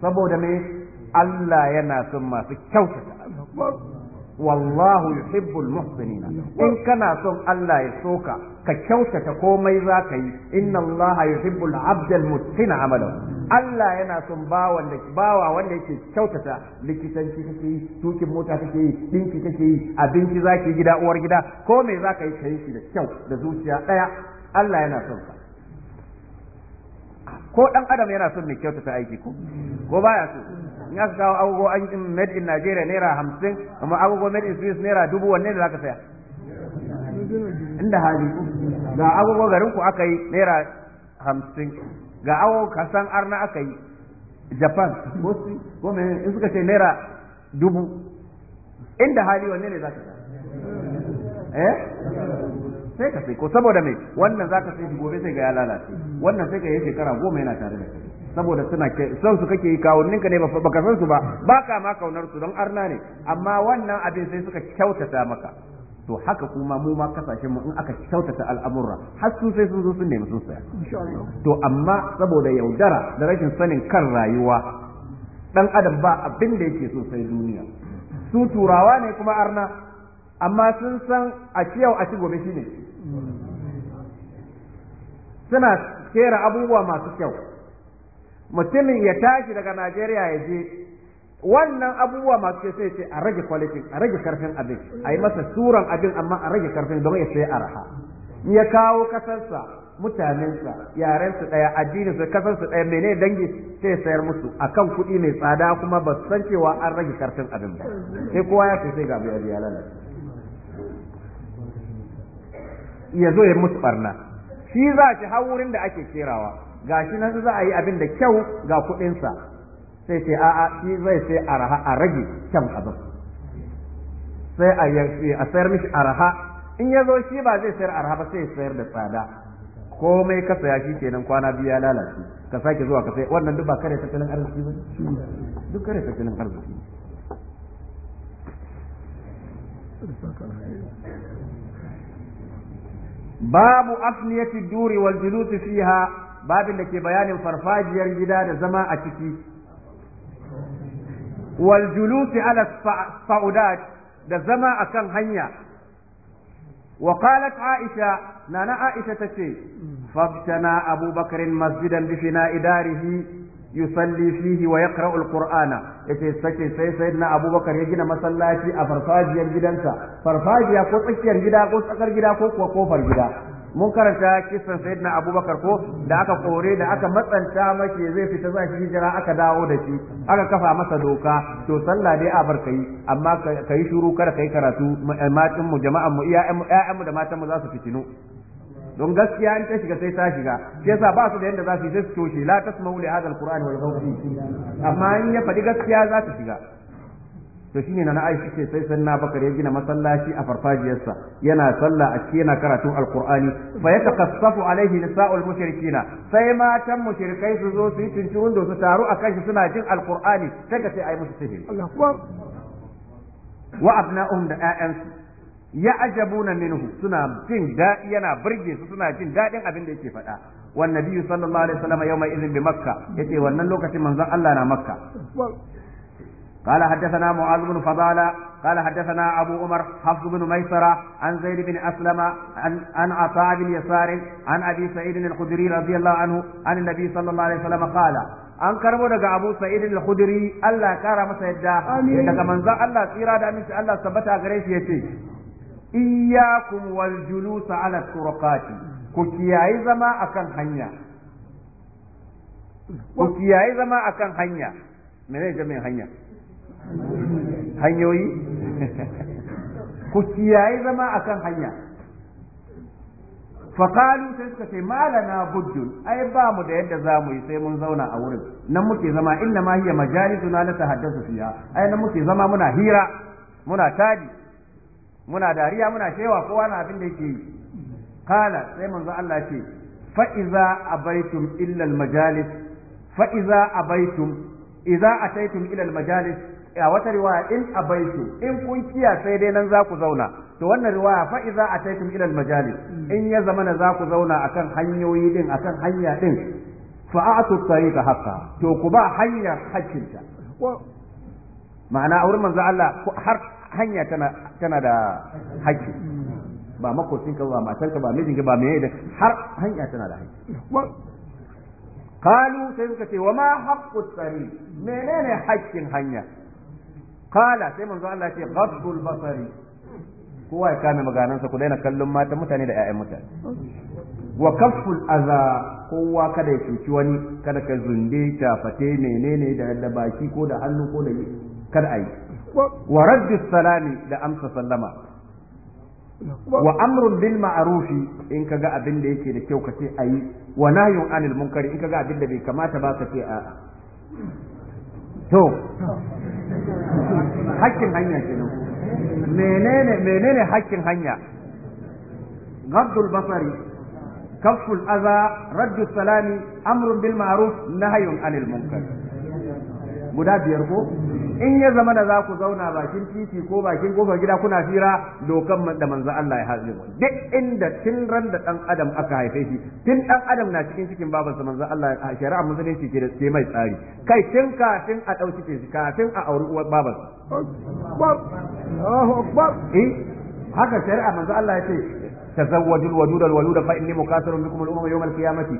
saboda me Allah yana son masu kyautata wallahu yuhibbul muhsinin in kana son Allah ya soka ka kyautata komai za ka yi inna Allah yuhibbul abdal mutina amalan Allah yana son bawa wanda yake kyautata likitanci kake yi tukin mota kake yi dinki kake yi abinci zaki gida uwar gida ko me zaka yi kai shi da kyau da zuciya daya Allah yana son ka ko dan adam yana son mai kyautata aiki ko ko baya so in aka kawo agogo an made in Nigeria naira hamsin amma agogo made in Swiss naira dubu wanne ne zaka saya inda hali ga agogo garin ku aka yi naira hamsin ga agogo kasan arna aka yi Japan ko ko me in suka ce naira dubu inda hali wanne ne zaka saya eh sai ka sai ko saboda me wannan zaka sai gobe sai ga ya lalace wannan sai ka yi shekara goma yana tare da kai saboda suna son su kake yi ka ne ba san su ba baka ma kaunar su don arna ne amma wannan abin sai suka kyautata maka to haka kuma mu ma kasashen mu in aka kyautata al'amura, har su sai sun zo sun nemi sun saya to amma saboda yaudara da rashin sanin kan rayuwa dan adam ba abin da yake so sai duniya su turawa ne kuma arna amma sun san a ci yau a ci gobe shine suna kera abubuwa masu kyau mutumin ya tashi daga Najeriya ya je wannan abubuwa masu sai a rage kwalitin a rage karfin abin a yi masa turan abin amma a rage karfin don ya sai raha ya kawo kasarsa mutanensa yarensu ɗaya su kasarsu daya mene dangi sai sayar musu akan kuɗi mai tsada kuma ba san cewa an rage karfin abin ba sai kowa ya sai ga biyar ya lalace ya zo ya musu barna shi za shi har wurin da ake kerawa shi nan za a yi abin da kyau ga kuɗinsa sai ce a'a shi zai sai araha a rage kyan abin sai a sayar mishi araha in ya zo shi ba zai sayar araha ba sai ya sayar da tsada komai ka saya shi kenan kwana biyu ya lalace ka sake zuwa ka sai wannan duk ba kare tattalin arziki ba duk kare tattalin arziki babu afniyati duri wal julusi fiha babin da ke bayanin farfajiyar gida da zama a ciki wal julusi ala sa'udat da zama a kan hanya wa qalat aisha nana aisha tace fabtana abubakar masjidan bi fina idarihi yusalli fihi wa yaqra'u alqur'ana yace sake sai sayyidina abubakar ya gina masallaci a farfajiyar gidansa farfajiya ko tsakiyar gida ko tsakar gida ko kuwa kofar gida mun karanta kisan sayyidina abubakar ko da aka kore da aka matsanta mace zai fita za shi hijira aka dawo da shi aka kafa masa doka to sallah dai a bar kai amma kai shuru kada kai karatu eh, matan mu jama'an mu iyayen mu da matan mu za su fitinu don gaskiya in ta shiga sai ta shiga shi yasa ba su da yadda za su yi sai su toshe la tasma'u li hadha alquran wal amma in ya faɗi gaskiya za su shiga to shine na Aisha ce sai sanna Bakar ya gina masallaci a farfajiyarsa yana sallah a cikin yana karatun alqur'ani fa yataqassafu alaihi nisa'ul mushrikina sai matan mushrikai su zo su yi cincirun da su taru akan shi suna jin alqur'ani sai ka sai ai musu sihiri wa abna'uhum da ƴaƴansu ya ajabuna minhu suna jin daɗi yana burge su suna jin daɗin abin da yake faɗa wannan biyu sallallahu alaihi wasallam yawma idhin bi makka yace wannan lokacin manzon Allah na makka قال حدثنا معاذ بن فضالة قال حدثنا أبو عمر حفظ بن ميسرة عن زيد بن أسلم عن, عطاء بن يسار عن أبي سعيد الخدري رضي الله عنه عن النبي صلى الله عليه وسلم قال an karbo daga Abu Sa'id al-Khudri Allah ya kara masa yadda daga manzon Allah tsira da aminci Allah tabbata gare shi yace iyyakum wal julus ala turqati ku kiyaye zama akan hanya ku kiyaye zama akan hanya me ne jami'in hanya hanyoyi ku kiyaye zama a kan hanya faƙalu sai suka ce malana buddun ai ba mu da yadda za mu yi sai mun zauna a wurin nan muke zama inna ma hiya na la haddasa fiya ai nan muke zama muna hira muna tadi muna dariya muna shewa, kowa na abin da yake yi kala sai manzo Allah ce Fa'iza iza abaitum illa al majalis fa'iza abaitum iza ataitum ila al majalis a wata riwaya in abaitu in kun kiya sai dai nan za ku zauna to wannan riwaya fa iza ataitum ila majalis in ya zamana za ku zauna akan hanyoyi din akan hanya din fa a'tu tariqa haqqa to ku ba hanya hakkinta ma'ana a wurin manzo Allah har hanya tana tana da hakki ba ka ba ka ba mijinka ba meye da har hanya tana da hakki قالوا sai suka ce wa ma haqqu tsari menene haƙƙin hanya Kala, sai manzo Allah ce ghadbul basari kowa ya kame maganansa ku daina kallon mata mutane da 'ya'yan mutane wa kafful aza kowa kada ya cuci wani kada ka zunde tafate menene da da ko da hannu ko da yi, kada ayi wa raddi salami da amsa sallama wa amrun bil ma'arufi in kaga abin da yake da kyau ka ce ayi wa nahyun anil munkari in kaga abin da bai kamata ba ka ce a'a to hakkin hanya kenan menene menene hakkin hanya gaddul basari kaful aza raddu salami amrun bil ma'ruf nahyun anil munkar guda biyar ko in ya zama da za ku zauna bakin titi ko bakin kofar gida kuna fira dokan da manzo Allah ya hazin duk inda tun ran da dan adam aka haife shi tun dan adam na cikin cikin babansa manzo Allah ya shari'a musulunci ke da ce mai tsari kai tun kafin a dauki shi kafin a auri uwar babansa Allahu akbar eh, haka shari'a manzo Allah ya ce تزوجوا الودود الولود فإني مكاثر بكم الأمم يوم القيامة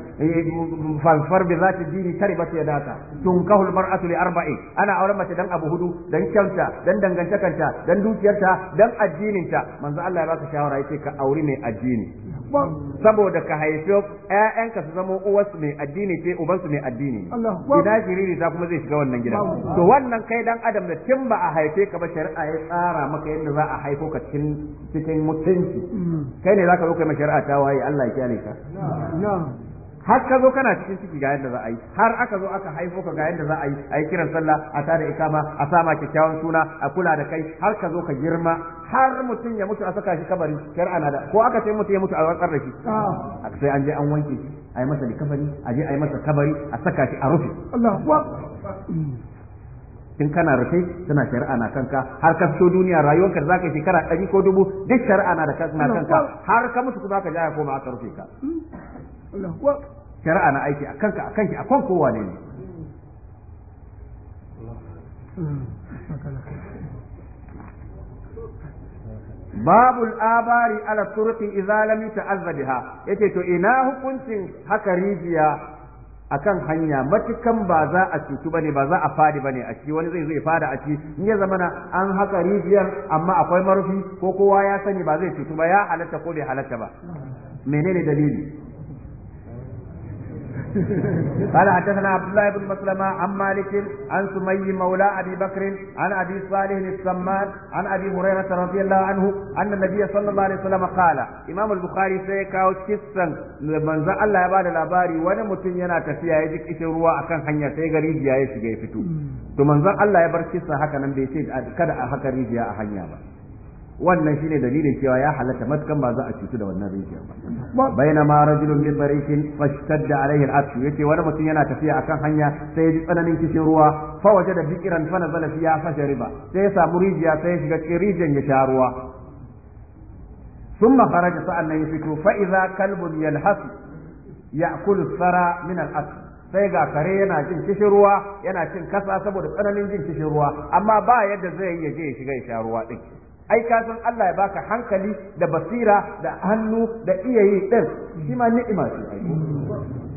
فانفر بذات الدين تربت يداك تنكه المرأة لأربع أنا أولما دن dan هدو دن كمتا دن دن كنتا دن دوكيرتا دن الدين انت من ذا الله يباك ka auri mai addini. saboda ka haifi ya'yanka su zama uwarsu mai addini ce ubansu mai addini gida shiriri ta kuma zai shiga wannan gida to wannan kai dan adam da tun ba a haife ka ba shari'a ya tsara maka yadda za a haifo ka cikin mutunci kai ne ne ka zo kai mashari'a ta waye Allah ya ka har ka zo kana cikin ciki ga yadda za a yi har aka zo aka haifo ka ga yadda za a yi a yi kiran sallah a tada ikama a sama kyakkyawan suna a kula da kai har ka zo ka girma har mutum ya mutu a saka shi kabari shari'a na da ko aka ce mutum ya mutu a watsar da shi sai an je an wanke shi a yi masa kabari a je a yi masa kabari a saka shi a rufe in kana rufe tana shari'a na kanka har ka fito duniya rayuwarka da zaka yi shekara ɗari ko dubu duk shari'a na da kanka har ka mutu ka ja ya koma aka rufe ka hmm. shari'a na aiki a kanka a kanki a kan kowa ne babu al'abari ala turqi idza lam yata'azza yace to ina hukuncin haka rijiya akan hanya matukan ba za a cutu bane ba za a fadi bane a ci wani zai zai fada a ci in ya zama na an haka rijiyar amma akwai marufi ko kowa ya sani ba zai cutu ba ya halatta ko bai halatta ba menene dalili قال حدثنا عبد الله بن مسلمة عن مالك عن سمي مولى أبي بكر عن أبي صالح السمان عن أبي هريرة رضي الله عنه أن النبي صلى الله عليه وسلم قال إمام البخاري سيكاو كسا من ذا الله يبعد الأباري وانا متن ينا تفيا يجيك إشي روا أكان حنيا سيغري جيا يشي جيفتو to manzon Allah ya bar kissa haka nan bai ce kada a haka rijiya a hanya ba wannan shine dalilin cewa ya halatta matukan ba za a cutu da wannan rijiyar ba bainama rajulun min barishin fashtadda alaihi al-atshu yace wani mutum yana tafiya akan hanya sai ya ji tsananin kishin ruwa fa waje da bikiran fa nazala fiya fa shariba sai ya samu rijiya sai ya shiga cikin rijiyar ya sha ruwa thumma kharaja sa'annan ya fito fa idza kalbun yalhasu ya'kulu thara min al sai ga kare yana jin kishin ruwa yana cin kasa saboda tsananin jin kishin ruwa amma ba yadda zai yi ya je ya shiga ya sha ruwa din ai ka san Allah ya baka hankali da basira da hannu da iya yi din shi ma ni'ima ce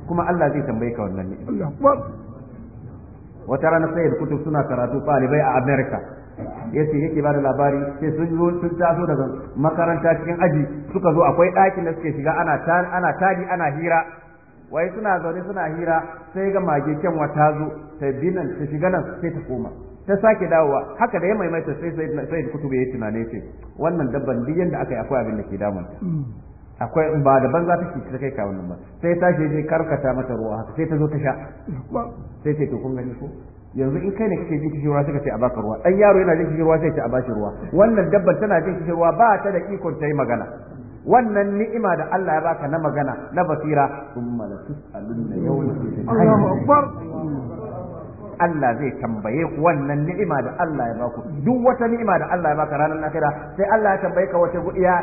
kuma Allah zai tambaye ka wannan ni'ima wata rana sai kutub suna karatu ɗalibai a America yace yake ba da labari sai sun zo sun taso daga makaranta cikin aji suka zo akwai ɗakin da suke shiga ana ana tadi ana hira wai suna zaune suna hira sai ga mage kyanwa ta zo ta binan ta shiga nan sai ta koma ta sake dawowa haka da ya maimaita sai sai sai kutubu ya tunane ce wannan dabban duk yanda aka yi akwai abin da ke damun mm. akwai ba da banza take ta kai ka wannan ba sai ta je je karkata mata ruwa haka sai ta zo ta sha sai ta to kun gani ko yanzu in kai ne kake jin kishirwa suka ce a baka ruwa dan yaro yana jin kishirwa sai ce a bashi ruwa wannan dabban tana jin kishirwa ba ta da ikon ta yi magana wannan ni'ima da Allah ya baka na magana na basira thumma la yawma Allahu akbar mm. Allah zai tambaye ku wannan ni'ima da Allah ya baku duk wata ni'ima da Allah ya baka ranar lahira sai Allah ya tambaye ka wace godiya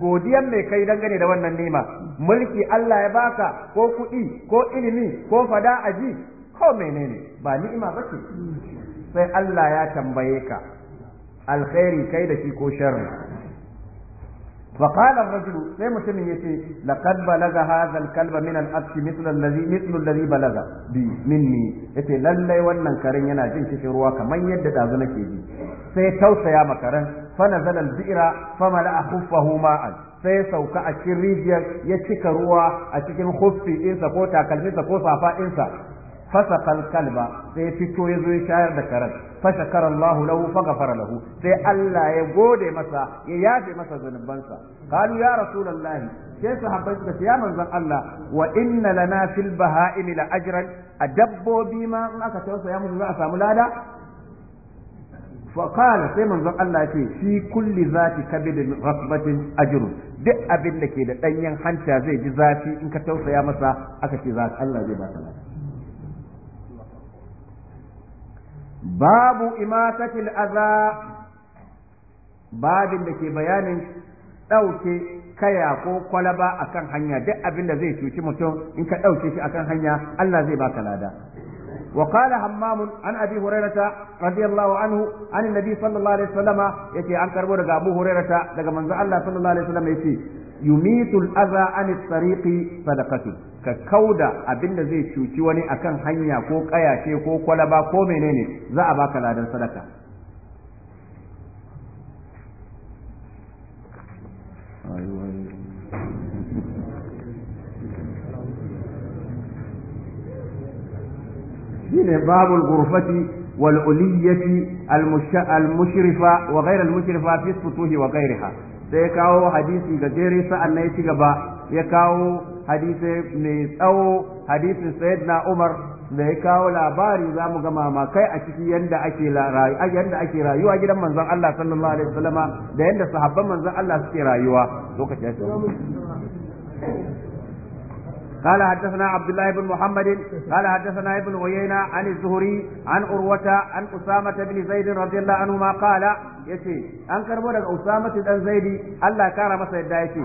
godiyan mai kai dangane da wannan ni'ima mulki Allah ya baka ko kuɗi ko ilimi ko fada aji ko menene ba ni'ima ba ce sai Allah ya tambaye ka alkhairi kai da shi ko sharri فقال الرجل سي متمن يتي لقد بلغ هذا الكلب من الأبس مثل الذي مثل الذي بلغ بي مني يتي للي wannan karen yana jin cikin ruwa kamar yadda dazu nake ji sai tausaya ma karen fanazala al-bi'ra famala khuffahu ma'an sai sauka a cikin rijiyar ya cika ruwa a cikin khuffi insa ko takalminsa ko safa insa fasaqal kalba sai fito ya zo ya shayar da karen fa shakara Allah lahu fa ghafara lahu sai Allah ya gode masa ya yafe masa zanubansa qalu ya rasulullahi sai sahabbai suka ce ya manzon Allah wa inna lana fil baha'im la a dabbobi ma in aka tausaya musu za samu lada فقال sai manzon Allah ce fi kulli zati da rasbatin a'jiru duk abin da ke da danyen hanta zai ji zafi in ka tausaya masa aka ce za Allah zai ba ka babu imatatil aza babin da ke bayanin ɗauke kaya ko kwalaba akan hanya duk abin da zai cuci mutum in ka ɗauke shi akan hanya Allah zai baka lada وقال همام عن ابي هريره رضي الله عنه عن النبي صلى الله عليه وسلم يتي عن daga abu هريره daga manzo Allah sallallahu alaihi wasallam yace yumitul adha anit tariqi sadaqatu ka kauda abin da zai cuci wani akan hanya ko kayace ko kwalaba ko menene za a baka ladan sadaka shine babul gurfati wal uliyyati al mushrifa wa ghayr al mushrifa fi sutuhi wa ghayriha sai kawo hadisi jere sa'an nan ya ci gaba ya kawo hadisai mai tsawo hadisin na Umar da ya kawo labari za mu gama ma kai a ciki yadda ake yadda ake rayuwa gidan manzon Allah sallallahu alaihi wasallama da yadda sahabban manzon Allah suke rayuwa lokacin قال حدثنا عبد الله بن محمد قال حدثنا ابن عيينة عن الزهري عن عروة عن أسامة بن زيد رضي الله عنهما قال yace an karbo daga Usama dan Zaidi Allah kara masa yadda yake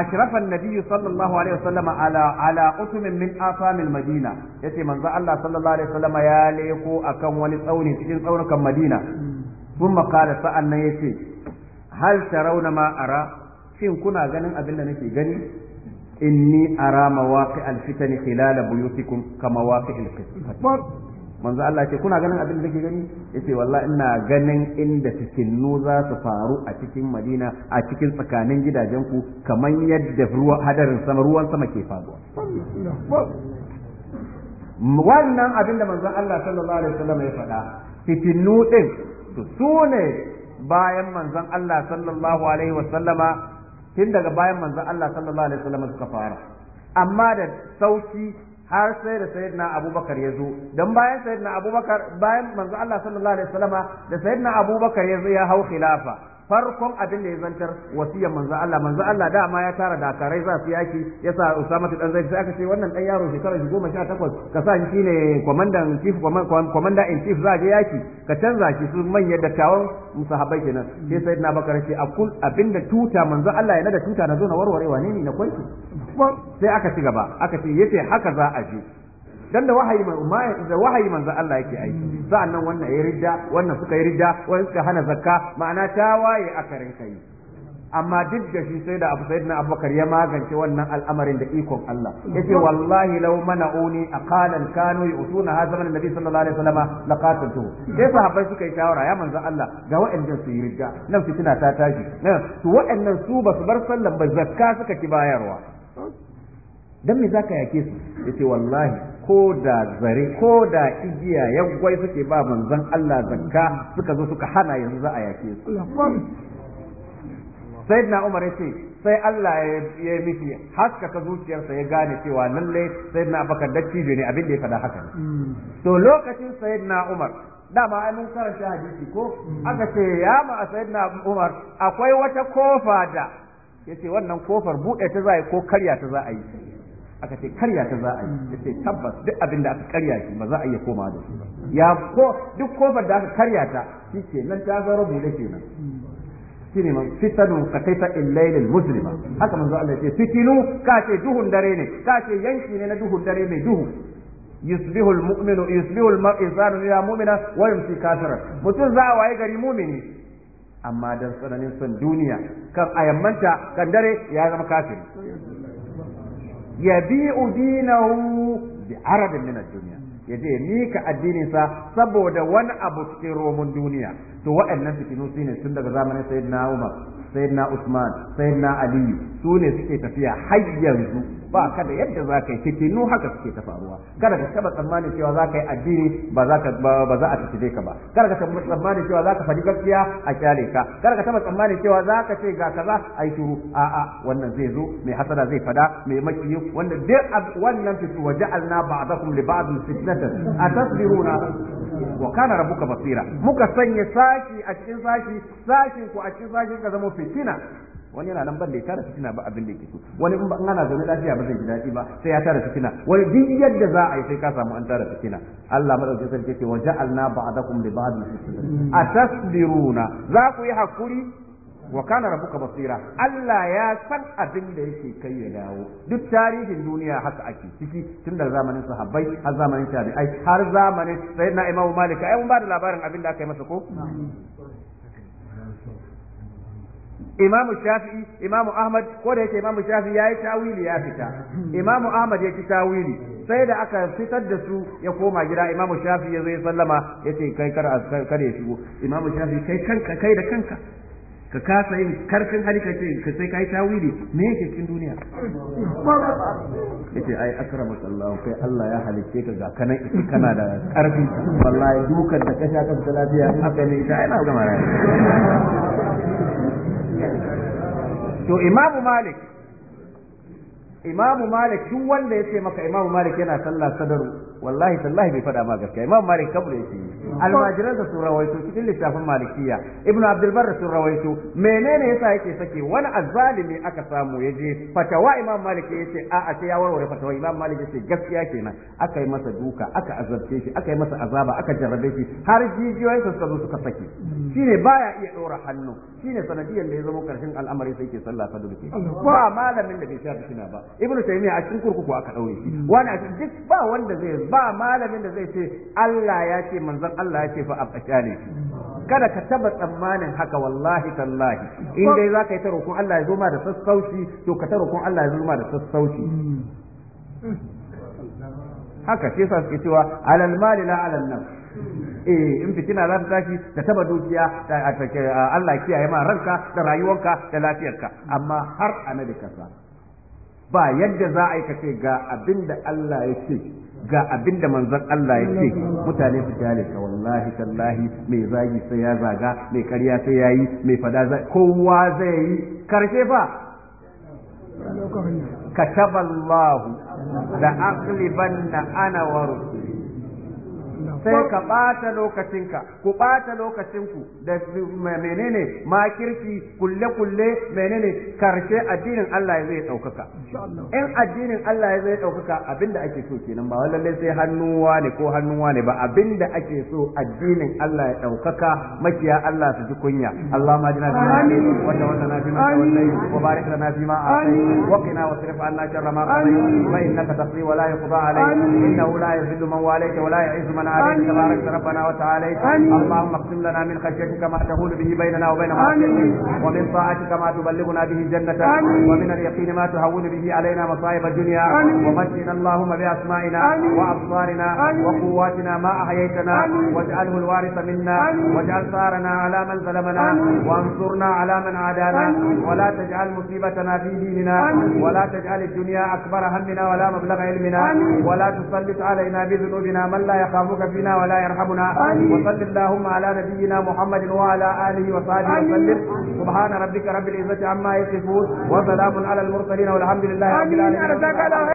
ashrafa annabi sallallahu alaihi wasallama ala ala utumin min asamil madina yace manzo Allah sallallahu alaihi wasallama ya leko akan wani tsauni cikin tsaunukan Madina ثم قال sa'an nan yace hal tarawna ma ara shin kuna ganin abin da nake gani inni ara mawaqi alfitan khilala buyutikum kama waqi alfitan manzo Allah ce kuna ganin abin da ke gani yace wallahi ina ganin inda fitinnu za su faru a cikin Madina a cikin tsakanin gidajenku kamar yadda ruwa hadarin sama ruwan sama ke faruwa wannan abin da manzon Allah sallallahu alaihi wasallam ya faɗa fitinnu din su ne bayan manzon Allah sallallahu alaihi wasallama tun daga bayan manzon Allah sallallahu alaihi wasallam suka fara amma da sauki har sai da sayyidina abubakar ya zo don bayan sayyidina abubakar bayan manzo Allah sallallahu alaihi wasallama da sayyidina abubakar ya zo ya hau khilafa farkon abin da ya zantar wasiyar manzo Allah manzo Allah dama ya tara dakarai za su yaki yasa Usama dan Zaid sai aka ce wannan dan yaro shekara 18 ka sa shi shine komandan chief commander in chief za je yaki ka canza shi su manyan dattawan musahabai kenan sai sayyidina Bakar ce a kul abinda tuta manzo Allah yana da tuta na zo na warwarewa ne ne na kwaiki sai aka ci gaba aka ce yace haka za a je dan da wahayi da wahayi manzo Allah yake aiki mm. nan wannan yayi ridda wannan suka yi ridda wannan suka hana zakka ma'ana ta waye akarin kai amma duk da shi sai da abu na abubakar ya magance wannan al'amarin da ikon Allah yace wallahi law mana'uni aqalan kanu yutuna hadha min nabi sallallahu alaihi wasallam laqatatu sai sahabbai suka yi shawara ya manzo Allah ga wa'annan su yi ridda, nan fitina ta tashi to wa'annan su ba su bar sallan ba zakka suka ki bayarwa dan me zaka yake su yace wallahi ko da zare ko da igiya yaggwai suke ba manzan Allah zakka suka zo suka hana yanzu za a yake su na Umar yace sai Allah ya yi miki haskaka zuciyarsa ya gane cewa lalle sayyidina Abubakar dattijo ne abin da ya faɗa haka hmm. to lokacin na Umar dama ai mun karanta hadisi ko hmm. aka ce ya ma na Umar akwai wata kofa da yace wannan kofar buɗe ta za yi ko karya ta za a yi aka ce karya ta za a yi ya ce tabbas duk abin da aka karya shi ba za a iya koma da shi ba ya ko duk kofar da aka karya ta shi ke nan ta zara bude ke nan shi ne man fitanu ka kai ta illailin muslima haka manzo Allah ce fitinu ka ce duhun dare ne ka ce yanki ne na duhun dare mai duhu yusbihu almu'minu yusbihu almar'u ya mu'mina wa yumsi kafira mutum za a waye gari mu'mini amma dan tsananin son duniya kan ayyamanta kan dare ya zama kafiri يبيع دينه بعرض من الدنيا ya ni ka addinin sa saboda wani abu cikin romun duniya to wa'annan fitinu su ne tun daga zamanin sayyidina Umar sayyidina Usman sayyidina Ali su ne suke tafiya har yanzu ba da yadda za ka yi fitinu haka suke ta faruwa kada ka taba tsammanin cewa za ka yi addini ba za ka ba za a tafi ka ba kada ka taba tsammanin cewa za ka faɗi gaskiya a kyale ka kada ka taba tsammanin cewa za ka ce ga kaza ai a a'a wannan zai zo mai hasada zai fada mai makiyi wanda duk wannan fitu waja'alna ba'dakum li ba'd fitna baktatan atasbiruna wa kana rabbuka basira muka sanya sashi a cikin sashi sashin ku a cikin sashin ka zama fitina wani yana nan balle tare fitina ba abin da yake so wani in ana zaune lafiya ba zai ji daɗi ba sai ya tare fitina wani duk yadda za a yi sai ka samu an tara fitina Allah madaukakin sarki ce wa ja'alna ba'dakum li ba'd fitna atasbiruna za ku yi hakuri wa kana rabbuka basira Allah ya san abin da yake kai ya dawo duk tarihin duniya haka ake ciki tun da zamanin sahabbai har zamanin tabi'ai har zamanin sayyidina imamu malik ai mun ba da labarin abin da aka yi masa ko imamu shafi'i imamu ahmad ko da yake imamu shafi'i yayi tawili ya fita imamu ahmad yake tawili sai da aka fitar da su ya koma gida imamu shafi'i ya zo ya sallama yace kai kar kar ya shigo imamu shafi'i kai kanka kai da kanka ka kasa yin karfin hali ka ce ka sai kai tawili me yake cikin duniya yace ai akramak Allah kai Allah ya halicce ka ga kana kana da karfi wallahi dukan da ka sha ka lafiya haka ne ta ina ga mara to imamu malik imamu malik shi wanda yace maka imamu malik yana sallah sadaru wallahi tallahi bai faɗa ma gaskiya imam malik kabul yace almajiran da sun rawaito cikin littafin malikiya ibnu abdul barr sun rawaito menene yasa yake sake wani azzalimi aka samu yaje fatawa imam malik yace a a sai ya warware fatawa imam malik yace gaskiya kenan aka yi masa duka aka azabce shi aka yi masa azaba aka jarrabe shi har jijiyoyin sa suka zo suka sake shine baya iya dora hannu shine sanadiyan da ya zama karshen al'amari sai ke sallah ta dulke ba malamin da bai shafi kina ba ibnu taymiya a cikin kurkuku aka daure shi wani a duk ba wanda zai ba malamin da zai ce Allah ya ce manzon Allah ya ce fa a ne. shi kada ka taba tsammanin haka wallahi tallahi in dai za ka yi ta roƙon Allah ya zo ma da sassauci to ka taro kun Allah ya zo ma da sassauci haka shi yasa suke cewa alal mali la alal nafs eh in fitina za ta tashi ka taba dukiya da Allah kiyaye ma ranka da rayuwarka da lafiyarka amma har a sa ba yadda za a yi kace ga abin da Allah ya ce ga abin da manzon Allah ya ce mutane su jale ka wallahi tallahi mai zagi sai ya zaga mai karya sai ya yi mai fada zai kowa zai yi karshe fa kataballahu da da ana wa sai ka ɓata lokacinka ku ɓata lokacinku da menene makirci kulle-kulle menene karshe addinin Allah zai ɗaukaka in addinin Allah zai ɗaukaka abinda ake so kenan ba lallai sai hannuwa ne ko hannuwa ne ba abinda ake so addinin Allah ya ɗaukaka makiya Allah su ji kunya Allah ma jina fi ma wata wata na fi ma wa barik lana fi ma atai wa qina wa sirf anna sharra ma qadai fa innaka taqdi wa la yuqda alayka innahu la yuzillu man walayta wa la yu'izzu man عليك تبارك ربنا وتعالى اللهم اقسم لنا من خشيتك ما تهول به بيننا وبين معصيتك ومن طاعتك ما تبلغنا به جنتك ومن اليقين ما تهون به علينا مصائب الدنيا ومجدنا اللهم باسمائنا وابصارنا وقواتنا ما احييتنا واجعله الوارث منا واجعل ثارنا على من ظلمنا وانصرنا على من عادانا ولا تجعل مصيبتنا في ديننا ولا تجعل الدنيا اكبر همنا ولا مبلغ علمنا ولا تسلط علينا بذنوبنا من لا يخافك يرحمك فينا ولا يرحمنا وصل اللهم على نبينا محمد وعلى آله وصحبه وسلم سبحان ربك رب العزة عما يصفون وسلام على المرسلين والحمد لله رب العالمين